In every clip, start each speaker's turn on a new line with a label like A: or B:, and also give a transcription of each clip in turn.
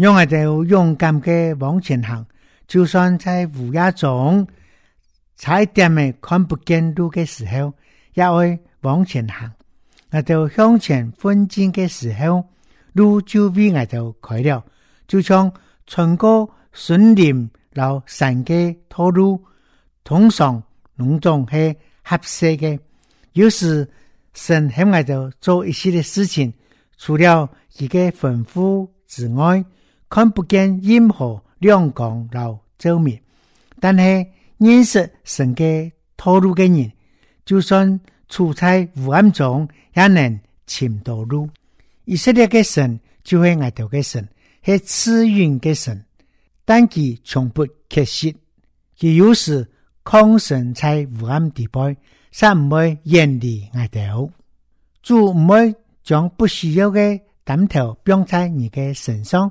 A: 讓我們勇敢嘅往前行，就算在烏鴉中，差一點嘅看不見路的時候，也會往前行。我到向前奮進的時候，路就比我到快了。就像穿過森林，留山嘅道路，通常濃重係黑色，嘅。有時神喺我做一些嘅事情，除了佢嘅吩咐之外，看不見任何亮光或照明，但是認識神嘅道路的人，就算處在黑暗中也能尋到路。以色列嘅神就是我哋嘅神，係賜予嘅神，但佢從不缺席。佢有時空身在黑暗地帶，但唔會遠離我哋，就唔會將不需要嘅擔挑綁在你嘅身上。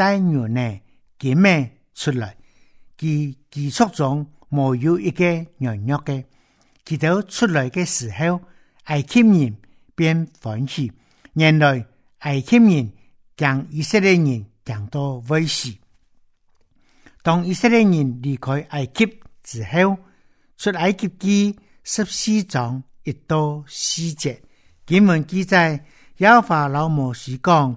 A: 帶肉呢？檢咩出來？佢寄宿中冇有一個軟弱嘅，佢到出來嘅時候，埃及人便放棄。原來埃及人將以色列人降到危時，當以色列人離開埃及之後，出埃及記十四章一到四節，他們記載亞法老摩士講。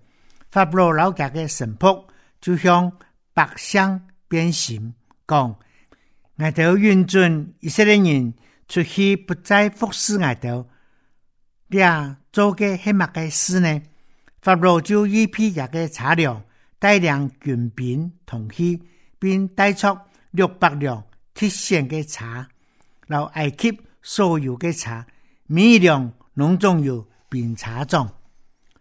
A: 法老家嘅神僕就向百姓變心講：𠊎 兜允準以色列人，出去不再服侍 𠊎 兜。你做嘅係乜嘅事呢？法老就預備佢嘅車輛，帶領軍兵同去，並帶出六百輛特選嘅車，然後埃及所有嘅車，每輛攏總有餅茶種。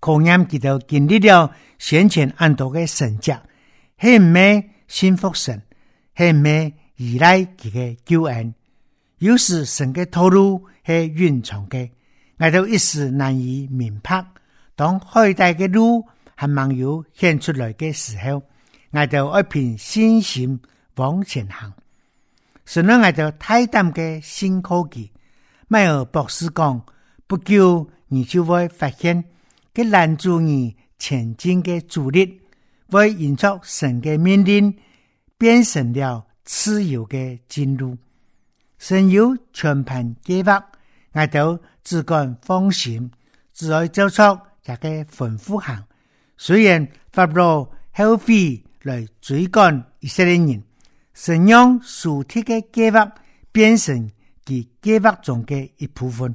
A: 考驗佢哋經歷了先前暗度嘅神蹟，係唔係信服神？係唔係依賴佢嘅救恩？有時神嘅套路係隱藏嘅，挨到一時難以明白。當開大嘅路係慢友現出來嘅時候，挨到一片信心往前行。純係挨到大膽嘅新科技，邁爾博士講：不久你就會發現。給攔住你前進嘅阻力，為因作神嘅命令，變成了自由嘅進路。神有全盤計劃，愛到自敢放心，自愛做出一個豐富行。雖然發布耗費來追趕以色列人，神用屬貼嘅計劃變成其計劃中嘅一部分。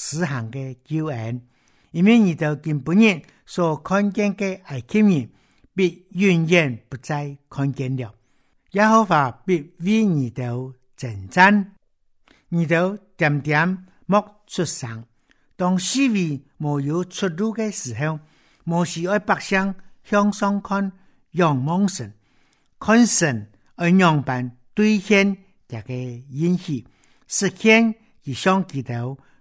A: 施行嘅救恩，因為你兜今晡日所看見嘅係埃及人，必永遠不再看見了，也耶和華必為你兜爭戰。你兜點點莫出聲，當思維冇有出路嘅時候，莫時愛白想向上看，仰望神，看神愛仰般兌現這個允許。實現一項祈禱。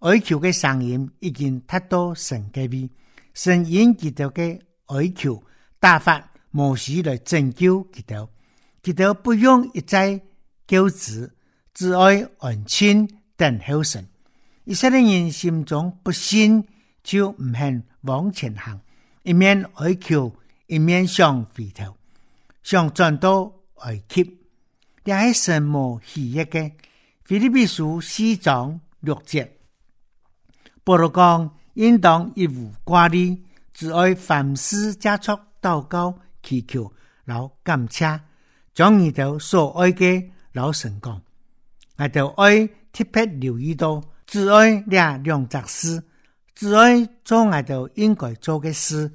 A: 哀求嘅聲音已經達到神嘅耳，神應佢哋嘅哀求，大發無師來拯救佢哋，佢哋不用一再救治、只愛、安親等候神。以色列人心中不信，就唔肯往前行，一面哀求，一面想回頭，想轉到埃及。也係神無喜悦嘅，腓立比書四章六節。不如講，應當一無掛慮，只愛凡事、藉著到高氣、禱告、祈求、老感謝，將你兜所愛嘅老神講。愛豆愛特別留意到，只愛抓兩扎事，只愛做愛豆應該做嘅事，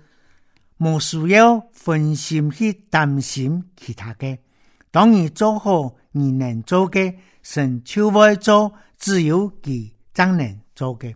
A: 無需要分心去擔心其他嘅。當你做好你能做嘅，神就愛做，自由其做，自有佢正能做嘅。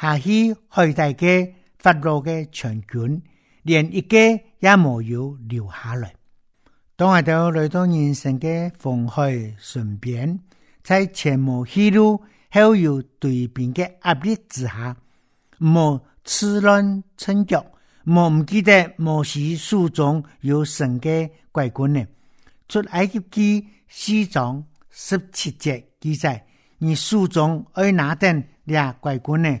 A: 下起巨大嘅法老嘅長卷，連一個也冇有留下來。當我哋來到人生嘅逢開順變，在前無去路、後有對邊嘅壓力之下，冇自亂陣腳，冇唔記得，冇時手中有神嘅拐棍呢？出埃及記四章十七節記載，而手中愛拿等啲拐棍呢？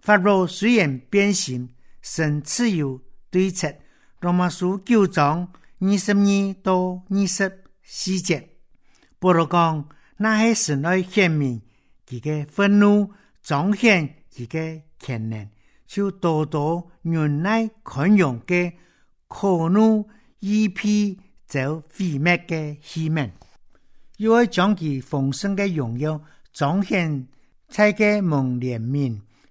A: 法老雖然變形，仍持有對策，羅馬書九章二十二到二十四節，保羅講：那些神來顯明，佮個憤怒彰顯佮個潛能，就多多原來寬容嘅可怒，一批就毀滅嘅器皿；又要將其豐盛嘅榮耀彰顯，才個蒙憐憫。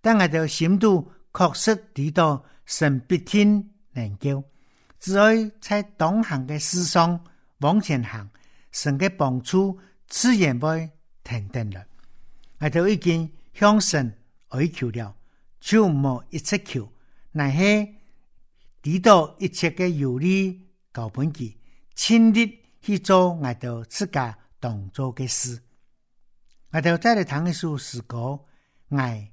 A: 但我條心度確實知道神必聽靈叫，只要在當行嘅事上往前行，神嘅幫助自然會停頓了。我就已經向神哀求了，就冇一切求，乃是知道一切嘅有利高、高本機，親歷去做我哋自家當做嘅事。我就再來談一首詩講愛。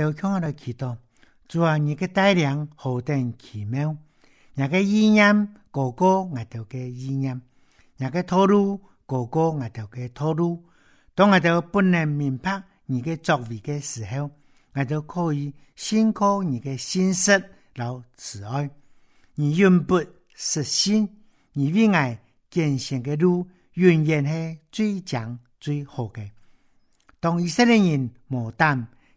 A: 我看到祈禱，主啊，你嘅帶領何等奇妙！阿個意念哥哥，我頭嘅意念；阿個投入哥哥，我頭嘅投入。當我頭不能明白你嘅作為嘅時候，我就可以信靠你嘅信實，留慈愛。你永不實心，你為愛艱險嘅路，永遠係最強最好嘅。當以色列人無膽。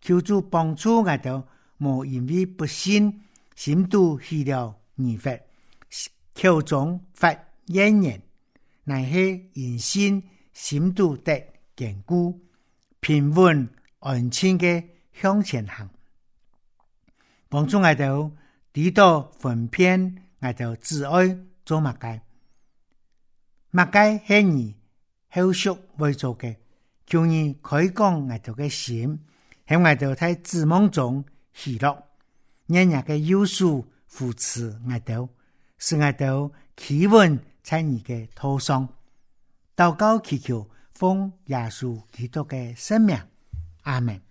A: 求主幫助，外頭無因為不信心你，心都去了二佛，口中發怨言，乃是人心心度的堅固，平穩安靜嘅向前行。幫助外頭，遇到分片，外頭自愛做乜嘅。乜嘅係你好熟會做嘅，叫你開工外頭嘅心。向外頭在枝蔓中嬉樂，日日嘅有數扶持外頭，使外頭企穩差二嘅脱上，禱告祈求奉耶穌基督嘅聖名，阿門。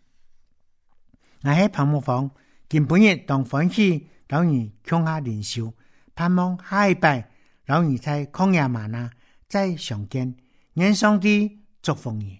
A: 我喺彭木房，今本日同歡喜老二放下靈修，盼望下一拜老二在曠野嗎哪再相見，願上帝祝福你